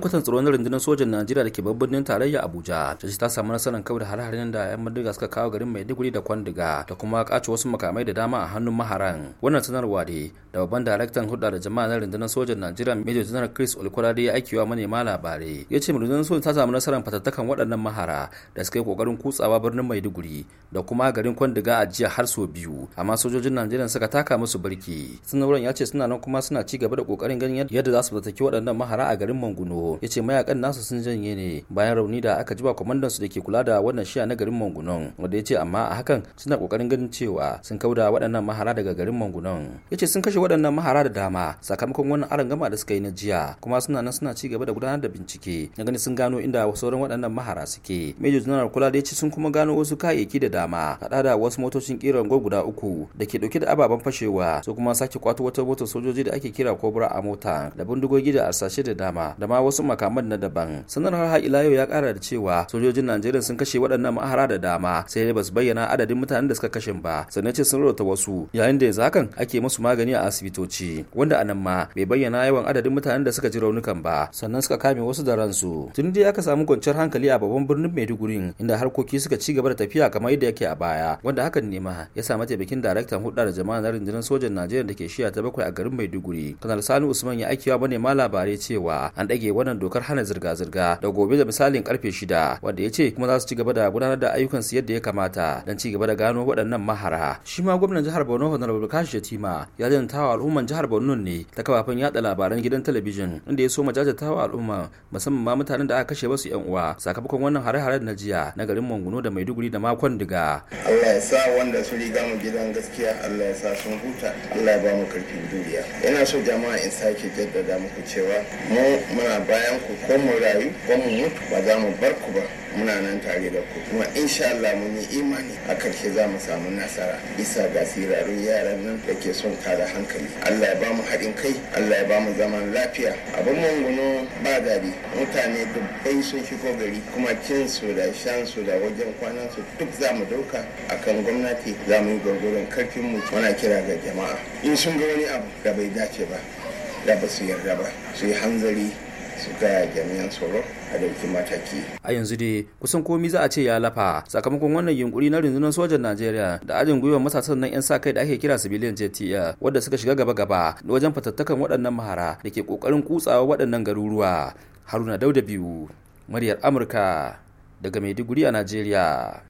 kwatan tsaro na rundunar sojan najeriya da ke babban tarayya abuja ta ce ta samu nasarar kawar da har da yan madiga suka kawo garin maiduguri da kwandiga da kuma kaci wasu makamai da dama a hannun maharan wannan sanarwa ne da babban daraktan hudda da jama'a na rundunar sojan najeriya major general chris olkolade ya aiki wa manema labarai ya ce rundunar sojan ta samu nasarar fatattakan waɗannan mahara da suka yi kokarin kutsawa birnin maiduguri da kuma garin kwandiga a jiya har sau biyu amma sojojin najeriya suka taka musu birki sanarwar ya ce suna nan kuma suna ci gaba da kokarin ganin yadda za su fatattaki waɗannan mahara a garin manguno ya ce mayakan nasu sun janye ne bayan rauni da aka jiba kwamandan su da ke kula da wannan shiya na garin mangunan wanda ya ce amma a hakan suna kokarin ganin cewa sun da waɗannan mahara daga garin mangunan. ya ce sun kashe waɗannan mahara da dama sakamakon wannan arangama da suka yi na jiya kuma suna nan suna ci gaba da gudanar da bincike na gani sun gano inda sauran waɗannan mahara suke major general kula da ya ce sun kuma gano wasu kayayyaki da dama haɗa da wasu motocin kiran gwa guda uku da ke ɗauke da ababen fashewa su kuma sake kwato wata motar sojoji da ake kira kobra a mota da bindigogi da arsashe da dama da ma wasu makaman na daban sanarwar har ila yau ya kara da cewa sojojin najeriya sun kashe waɗannan mahara da dama sai ba basu bayyana adadin mutanen da suka kashe ba sannan ce sun rota wasu yayin da yanzu hakan ake musu magani a asibitoci wanda anan ma bai bayyana yawan adadin mutanen da suka ji raunukan ba sannan suka kame wasu da ransu tun dai aka samu kwanciyar hankali a babban birnin maiduguri inda harkoki suka ci gaba da tafiya kamar yadda yake a baya wanda hakan ne ma ya sa mataimakin daraktan hudu da jama'a na rundunar sojan najeriya da ke shiya ta bakwai a garin maiduguri kanar sani usman ya aikiwa manema labarai cewa an ɗage wannan dokar hana zirga-zirga da gobe da misalin karfe shida wanda ya ce kuma za su ci gaba da gudanar da ayyukan su yadda ya kamata don ci gaba da gano waɗannan mahara shi ma gwamnan jihar borno honorable kashi shatima ya janta wa al'umman jihar borno ne ta kafafen yada labaran gidan talabijin inda ya so ma wa al'umma musamman ma mutanen da aka kashe wasu yan uwa sakamakon wannan hare-hare na jiya na garin manguno da maiduguri da makon diga allah ya sa wanda su riga mu gidan gaskiya allah ya sa sun huta allah ya ba mu karfin duniya ina so jama'a in sake jaddada muku cewa mu muna bayan ku ko mu rayu ko mu mutu ba za mu bar ku ba muna nan tare da ku kuma insha Allah mun yi imani a karshe za mu samu nasara bisa ga sirarun yaran nan da ke son tada hankali Allah ya ba mu haɗin kai Allah ya ba mu zaman lafiya abin mungunu ba gari mutane dubbai sun shigo gari kuma cin su da shan su da wajen kwanan su duk za mu dauka akan gwamnati za mu yi gwargwaron karfin mu muna kira ga jama'a in sun ga wani abu da bai dace ba da ba su yarda ba su yi hanzari su gaya jami'an tsaro a dauki mataki. A yanzu dai kusan komi za a ce ya lafa sakamakon wannan yunkuri na rundunar sojan Najeriya da ajin gwiwa matasa nan 'yan sa kai da ake kira civilian JTF wadda suka shiga gaba-gaba da wajen fatattakan waɗannan mahara da ke kokarin kutsawa waɗannan garuruwa. Haruna Dauda biyu, muryar Amurka daga Maiduguri a Najeriya.